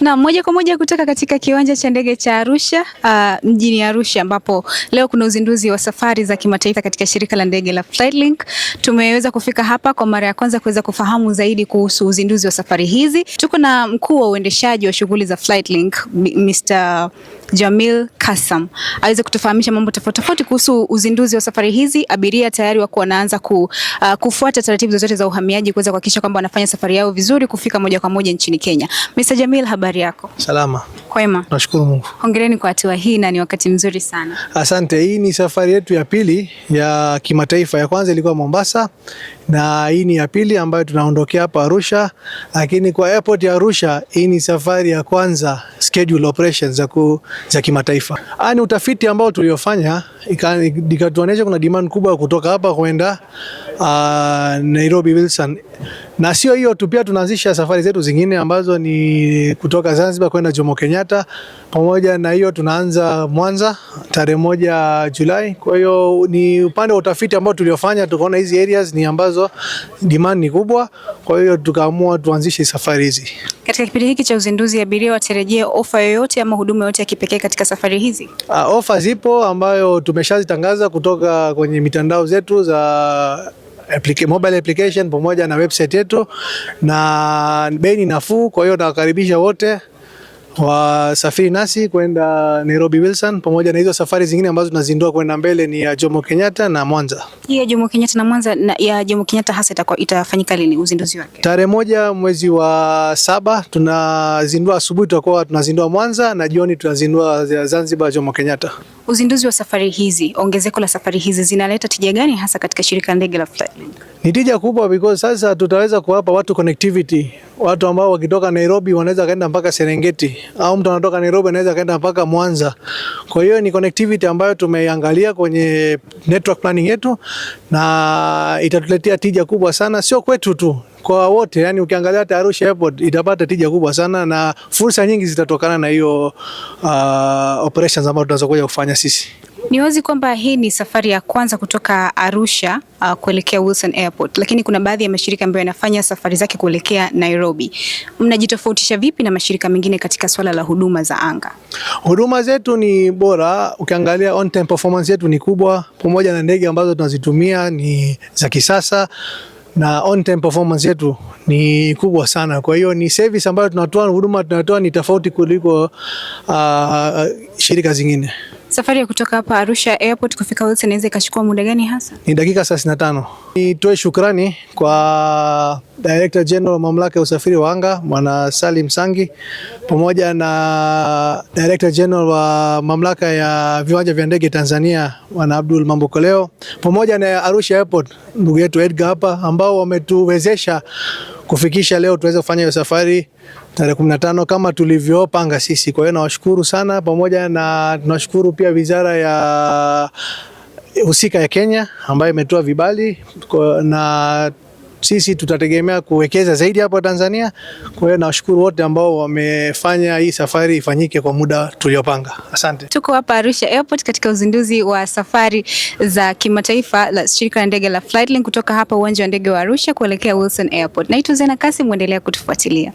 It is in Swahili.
Na moja kwa moja kutoka katika kiwanja cha ndege cha Arusha uh, mjini Arusha ambapo leo kuna uzinduzi wa safari za kimataifa katika shirika la ndege la Flightlink. Tumeweza kufika hapa kwa mara ya kwanza kuweza kufahamu zaidi kuhusu uzinduzi wa safari hizi. Tuko na mkuu wa uendeshaji wa shughuli za Flightlink Mr. Jamil Kasam aweze kutufahamisha mambo tofauti tofauti kuhusu uzinduzi wa safari hizi. Abiria tayari wako wanaanza ku, uh, kufuata taratibu zozote za uhamiaji kuweza kuhakikisha kwamba wanafanya safari yao vizuri kufika moja kwa moja nchini Kenya. Mr. Jamil habari habari yako? Salama. Kwema. Nashukuru Mungu. Hongereni kwa hatua hii na ni wakati mzuri sana. Asante. Hii ni safari yetu ya pili ya kimataifa. Ya kwanza ilikuwa Mombasa na hii ni ya pili ambayo tunaondokea hapa Arusha, lakini kwa airport ya Arusha hii ni safari ya kwanza schedule operations za, ku, za kimataifa. Ni utafiti ambao tuliofanya ikatuonyesha kuna demand kubwa kutoka hapa kwenda uh, Nairobi Wilson na sio hiyo tu, pia tunaanzisha safari zetu zingine ambazo ni kutoka Zanzibar kwenda Jomo Kenyatta. Pamoja na hiyo, tunaanza Mwanza tarehe moja Julai. Kwa hiyo ni upande wa utafiti ambao tuliofanya, tukaona hizi areas ni ambazo demand ni kubwa, kwa hiyo tukaamua tuanzishe safari hizi. Katika kipindi hiki cha uzinduzi, abiria watarejea ofa yoyote ama huduma yoyote ya kipekee katika safari hizi? Uh, ofa zipo ambayo tumeshazitangaza kutoka kwenye mitandao zetu za applica, mobile application pamoja na website yetu, na bei ni nafuu. Kwa hiyo nawakaribisha wote wasafiri nasi kwenda Nairobi Wilson, pamoja na hizo safari zingine ambazo tunazindua kwenda mbele ni ya Jomo Kenyatta na Mwanza. Hii Ya Jomo Kenyatta na Mwanza na ya Jomo Kenyatta hasa itakuwa itafanyika lini uzinduzi wake? Tarehe moja mwezi wa saba tunazindua, asubuhi tutakuwa tunazindua Mwanza na jioni tunazindua Zanzibar Jomo Kenyatta. Uzinduzi wa safari hizi, ongezeko la safari hizi zinaleta tija gani hasa katika shirika ndege la Flyduty? Ni tija kubwa because sasa tutaweza kuwapa watu connectivity, watu ambao wakitoka Nairobi wanaweza kaenda mpaka Serengeti au mtu anatoka Nairobi anaweza kaenda mpaka Mwanza. Kwa hiyo ni connectivity ambayo tumeiangalia kwenye network planning yetu, na itatuletea tija kubwa sana, sio kwetu tu, kwa wote. Yani ukiangalia hata Arusha Airport itapata tija kubwa sana, na fursa nyingi zitatokana na hiyo uh, operations ambazo tunazokuja kufanya sisi. Ni wazi kwamba hii ni safari ya kwanza kutoka Arusha uh, kuelekea Wilson Airport, lakini kuna baadhi ya mashirika ambayo yanafanya safari zake kuelekea Nairobi. Mnajitofautisha vipi na mashirika mengine katika swala la huduma za anga? Huduma zetu ni bora, ukiangalia on time performance yetu ni kubwa pamoja pamoja na ndege ambazo tunazitumia ni za kisasa na on time performance yetu ni kubwa sana. Kwa hiyo ni service ambayo tunatoa, huduma tunatoa ni tofauti kuliko uh, uh shirika zingine. Safari ya kutoka hapa Arusha Airport kufika Wilson inaweza ikachukua muda gani hasa? Ni dakika 35. Nitoe shukrani kwa Director General wa Mamlaka ya Usafiri wa Anga Bwana Salim Sangi pamoja na Director General wa Mamlaka ya Viwanja vya Ndege Tanzania Bwana Abdul Mambokoleo pamoja na Arusha Airport ndugu yetu Edgar hapa ambao wametuwezesha kufikisha leo tuweze kufanya hiyo safari tarehe 15 kama tulivyopanga sisi. Kwa hiyo nawashukuru sana, pamoja na tunashukuru pia wizara ya husika ya Kenya ambayo imetoa vibali na sisi tutategemea kuwekeza zaidi hapa Tanzania. Kwa hiyo nawashukuru wote ambao wamefanya hii safari ifanyike kwa muda tuliopanga. Asante. Tuko hapa Arusha Airport katika uzinduzi wa safari za kimataifa la shirika la ndege la Flightlink kutoka hapa uwanja wa ndege wa Arusha kuelekea Wilson Airport. Naitwa Zena Kasim, muendelea kutufuatilia.